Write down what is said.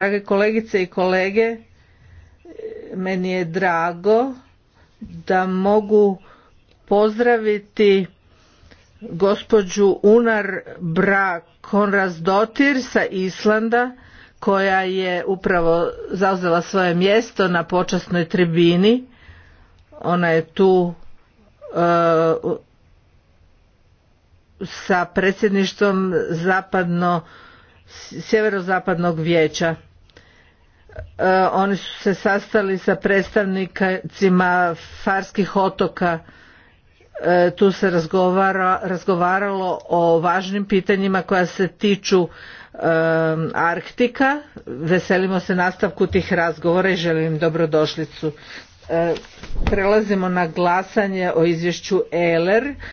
Drage kolegice i kolege, meni je drago da mogu pozdraviti gospođu Unar Bra Konras-Dotir sa Islanda koja je upravo zauzela svoje mjesto na počasnoj tribini. Ona je tu uh, sa predsjedništvom zapadno sjeverozapadnog vijeća E, oni su se sastali sa predstavnicima Farskih otoka. E, tu se razgovaralo o važnim pitanjima koja se tiču e, Arktika. Veselimo se nastavku tih razgovora i želim dobrodošlicu. Prelazimo na glasanje o izvješću ELER.